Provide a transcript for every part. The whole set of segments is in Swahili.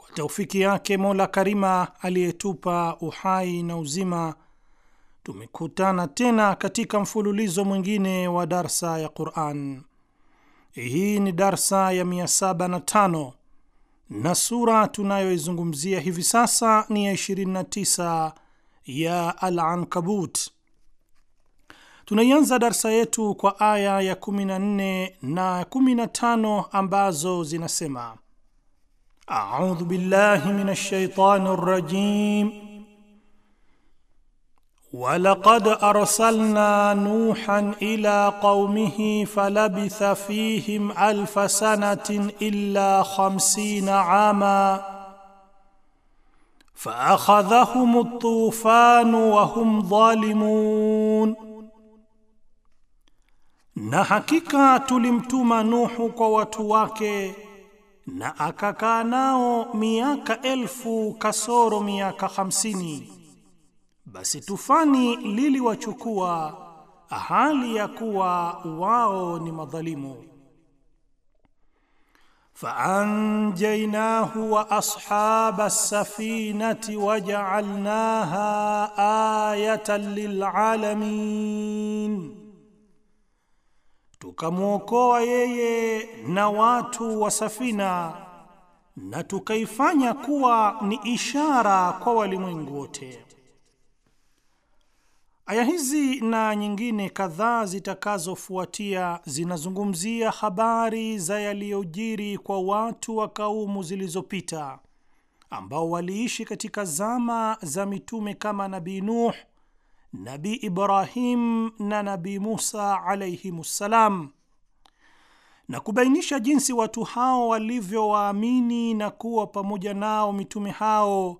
kwa taufiki yake Mola Karima aliyetupa uhai na uzima, tumekutana tena katika mfululizo mwingine wa darsa ya Quran. Hii ni darsa ya 75 na sura tunayoizungumzia hivi sasa ni ya 29 ya Al-Ankabut. Tunaianza darsa yetu kwa aya ya 14 na 15 ambazo zinasema اعوذ بالله من الشيطان الرجيم ولقد ارسلنا نوحا الى قومه فلبث فيهم الف سنه الا خمسين عاما فاخذهم الطوفان وهم ظالمون na تلمتما tulimtuma Nuhu na akakaa nao miaka elfu kasoro miaka hamsini. Basi tufani liliwachukua hali ya kuwa wao ni madhalimu. faanjainahu wa ashaba safinati wajaalnaha ayatan lilalamin tukamwokoa yeye na watu wa safina na tukaifanya kuwa ni ishara kwa walimwengu wote. Aya hizi na nyingine kadhaa zitakazofuatia zinazungumzia habari za yaliyojiri kwa watu wa kaumu zilizopita ambao waliishi katika zama za mitume kama Nabii Nuhu nabi Ibrahim na nabi Musa ssalam na kubainisha jinsi watu hao walivyowaamini na kuwa pamoja nao mitume hao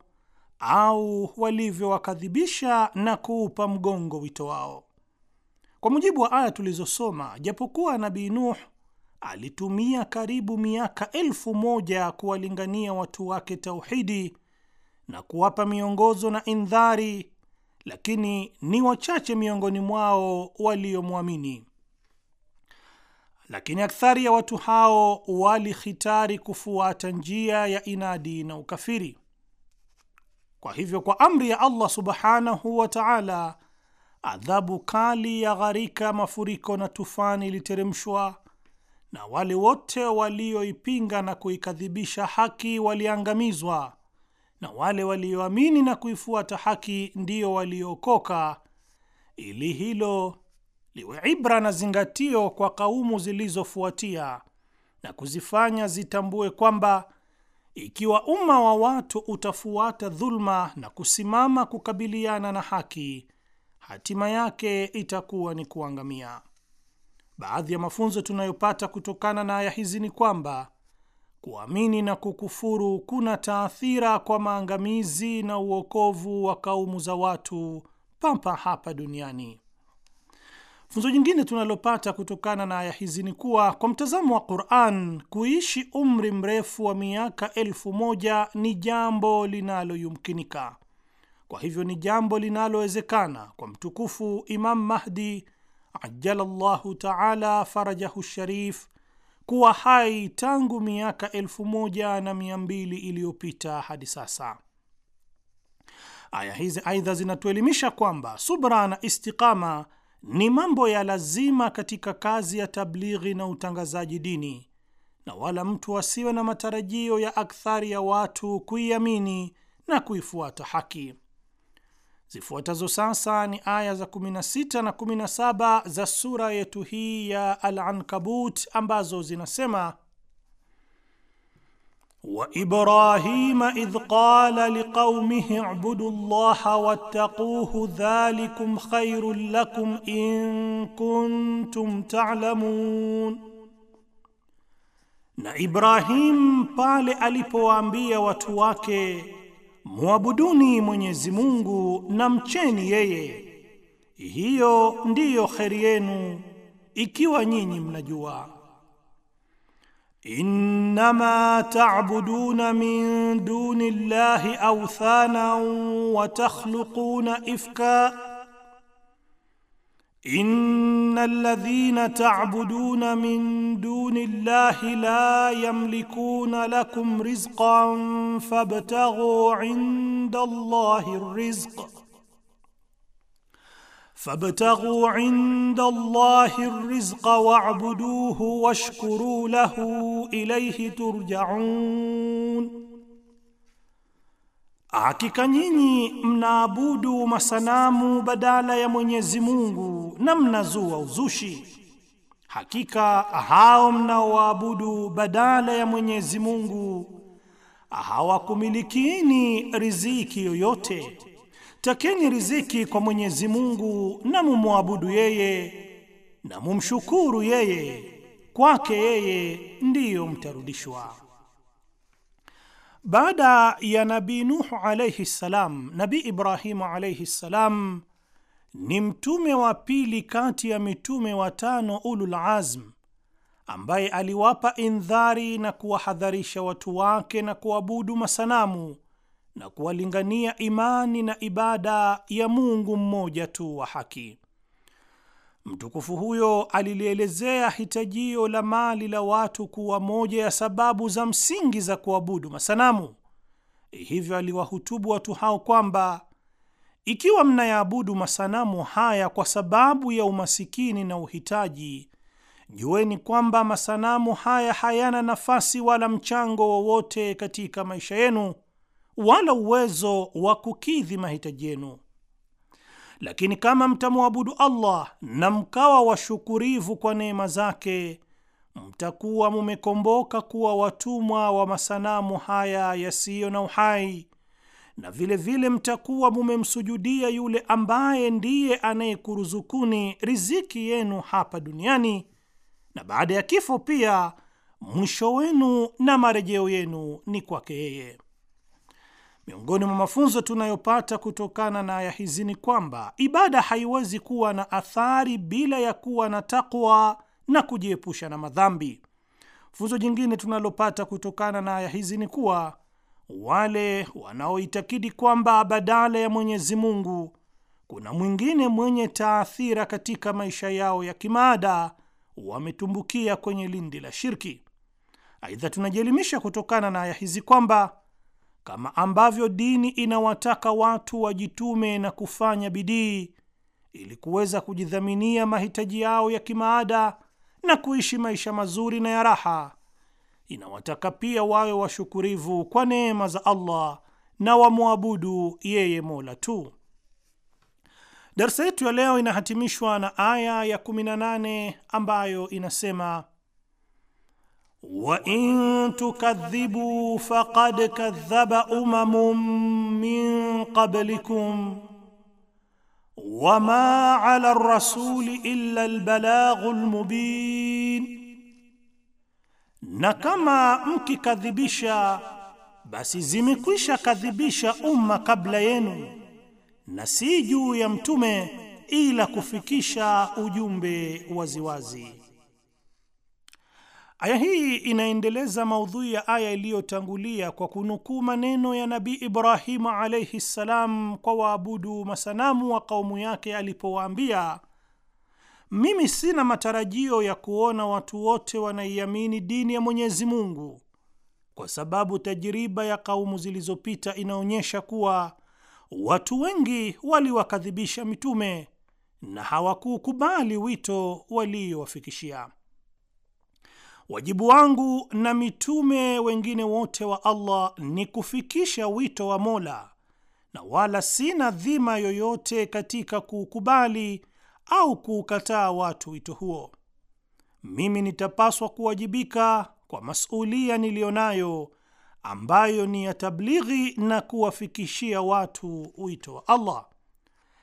au walivyowakadhibisha na kuupa mgongo wito wao. Kwa mujibu wa aya tulizosoma, japokuwa Nabii Nuh alitumia karibu miaka elfu moja kuwalingania watu wake tauhidi na kuwapa miongozo na indhari lakini ni wachache miongoni mwao waliomwamini. Lakini akthari ya watu hao walihitari kufuata njia ya inadi na ukafiri. Kwa hivyo, kwa amri ya Allah subhanahu wa ta'ala, adhabu kali ya gharika, mafuriko na tufani iliteremshwa, na wale wote walioipinga na kuikadhibisha haki waliangamizwa na wale walioamini na kuifuata haki ndiyo waliookoka, ili hilo liwe ibra na zingatio kwa kaumu zilizofuatia na kuzifanya zitambue kwamba ikiwa umma wa watu utafuata dhulma na kusimama kukabiliana na haki, hatima yake itakuwa ni kuangamia. Baadhi ya mafunzo tunayopata kutokana na aya hizi ni kwamba Kuamini na kukufuru kuna taathira kwa maangamizi na uokovu wa kaumu za watu pampa hapa duniani. Funzo jingine tunalopata kutokana na aya hizi ni kuwa kwa mtazamo wa Quran, kuishi umri mrefu wa miaka elfu moja ni jambo linaloyumkinika. Kwa hivyo ni jambo linalowezekana kwa mtukufu Imam Mahdi ajalallahu taala farajahu sharif kuwa hai tangu miaka elfu moja na mia mbili iliyopita hadi sasa. Aya hizi aidha zinatuelimisha kwamba subra na istiqama ni mambo ya lazima katika kazi ya tablighi na utangazaji dini, na wala mtu asiwe na matarajio ya akthari ya watu kuiamini na kuifuata haki. Zifuatazo sasa ni aya za 16 na 17 za sura yetu hii ya Al-Ankabut ambazo zinasema: wa Ibrahima idh qala liqaumihi ibudu llaha wattaquhu dhalikum khairun lakum in kuntum ta'lamun, na Ibrahim pale alipowaambia watu wake Mwabuduni Mwenyezi Mungu na mcheni yeye, hiyo ndiyo kheri yenu ikiwa nyinyi mnajua. Innama ta'buduna min duni llahi awthana wa takhluquna ifka ان الذين تعبدون من دون الله لا يملكون لكم رزقا فابتغوا عند الله الرزق فابتغوا عند الله الرزق واعبدوه واشكروا له اليه ترجعون Hakika nyinyi mnaabudu masanamu badala ya Mwenyezi Mungu na mnazua uzushi. Hakika hao mnaoabudu badala ya Mwenyezi Mungu hawakumilikini riziki yoyote. Takeni riziki kwa Mwenyezi Mungu na mumwabudu yeye na mumshukuru yeye, kwake yeye ndiyo mtarudishwa. Baada ya Nabii Nuhu alaihi ssalam, Nabii Ibrahimu alaihi ssalam ni mtume wa pili kati ya mitume watano ulul azm, ambaye aliwapa indhari na kuwahadharisha watu wake na kuabudu masanamu na kuwalingania imani na ibada ya Mungu mmoja tu wa haki. Mtukufu huyo alilielezea hitajio la mali la watu kuwa moja ya sababu za msingi za kuabudu masanamu. Hivyo aliwahutubu watu hao kwamba ikiwa mnayaabudu masanamu haya kwa sababu ya umasikini na uhitaji, jueni kwamba masanamu haya hayana nafasi wala mchango wowote katika maisha yenu wala uwezo wa kukidhi mahitaji yenu. Lakini kama mtamwabudu Allah na mkawa washukurivu kwa neema zake, mtakuwa mumekomboka kuwa watumwa wa masanamu haya yasiyo na uhai, na vile vile mtakuwa mumemsujudia yule ambaye ndiye anayekuruzukuni riziki yenu hapa duniani, na baada ya kifo pia mwisho wenu na marejeo yenu ni kwake yeye. Miongoni mwa mafunzo tunayopata kutokana na aya hizi ni kwamba ibada haiwezi kuwa na athari bila ya kuwa na takwa na kujiepusha na madhambi. Funzo jingine tunalopata kutokana na aya hizi ni kuwa wale wanaoitakidi kwamba badala ya Mwenyezi Mungu kuna mwingine mwenye taathira katika maisha yao ya kimaada wametumbukia kwenye lindi la shirki. Aidha, tunajielimisha kutokana na aya hizi kwamba kama ambavyo dini inawataka watu wajitume na kufanya bidii ili kuweza kujidhaminia mahitaji yao ya kimaada na kuishi maisha mazuri na ya raha. Inawataka pia wawe washukurivu kwa neema za Allah na wamwabudu yeye Mola tu. Darsa yetu ya leo inahatimishwa na aya ya 18 ambayo inasema وان تكذبوا فقد كذب امم من قبلكم وما على الرسول الا البلاغ المبين na kama mkikadhibisha basi zimekwisha kadhibisha umma kabla yenu na si juu ya mtume ila kufikisha ujumbe waziwazi wazi. Aya hii inaendeleza maudhui ya aya iliyotangulia kwa kunukuu maneno ya Nabii Ibrahimu alaihi ssalam kwa waabudu masanamu wa kaumu yake alipowaambia, mimi sina matarajio ya kuona watu wote wanaiamini dini ya Mwenyezi Mungu, kwa sababu tajiriba ya kaumu zilizopita inaonyesha kuwa watu wengi waliwakadhibisha mitume na hawakukubali wito waliowafikishia. Wajibu wangu na mitume wengine wote wa Allah ni kufikisha wito wa Mola, na wala sina dhima yoyote katika kuukubali au kuukataa watu wito huo. Mimi nitapaswa kuwajibika kwa masulia niliyonayo ambayo ni ya tablighi na kuwafikishia watu wito wa Allah.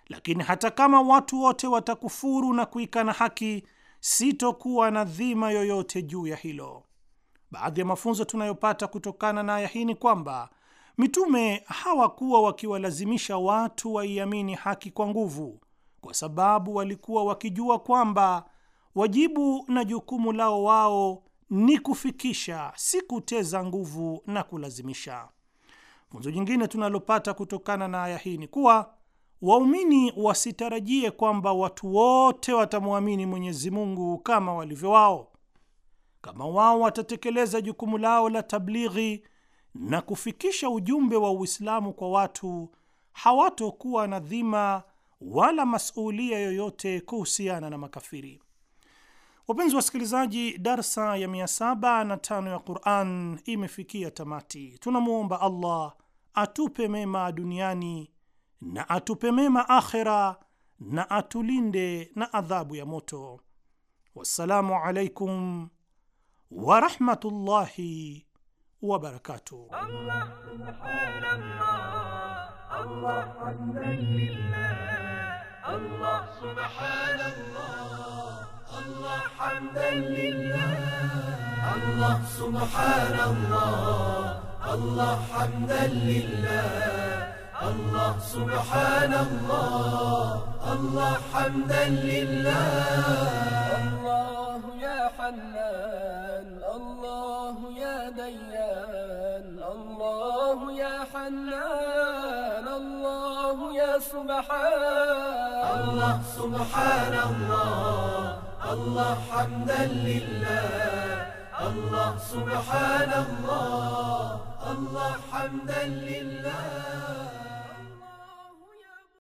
Lakini hata kama watu wote watakufuru na kuikana haki sitokuwa na dhima yoyote juu ya hilo. Baadhi ya mafunzo tunayopata kutokana na aya hii ni kwamba mitume hawakuwa wakiwalazimisha watu waiamini haki kwa nguvu, kwa sababu walikuwa wakijua kwamba wajibu na jukumu lao wao ni kufikisha, si kuteza nguvu na kulazimisha. Funzo jingine tunalopata kutokana na aya hii ni kuwa waumini wasitarajie kwamba watu wote watamwamini Mwenyezi Mungu kama walivyo wao. Kama wao watatekeleza jukumu lao la tablighi na kufikisha ujumbe wa Uislamu kwa watu, hawatokuwa na dhima wala masulia yoyote kuhusiana na makafiri. Wapenzi wasikilizaji, darsa ya 705 ya Quran imefikia tamati. Tunamwomba Allah atupe mema duniani na atupe mema akhera na atulinde na adhabu ya moto. Wassalamu alaikum wa rahmatullahi wa barakatuh. Allah, subhanallah. Allah, Allah, subhanallah. الله حمدا لله الله سبحان الله الله سبحان الله الله حمدا لله الله يا حنان الله يا ديان الله يا حنان الله يا سبحان الله سبحان الله الله حمدا لله الله سبحان الله الله حمدا لله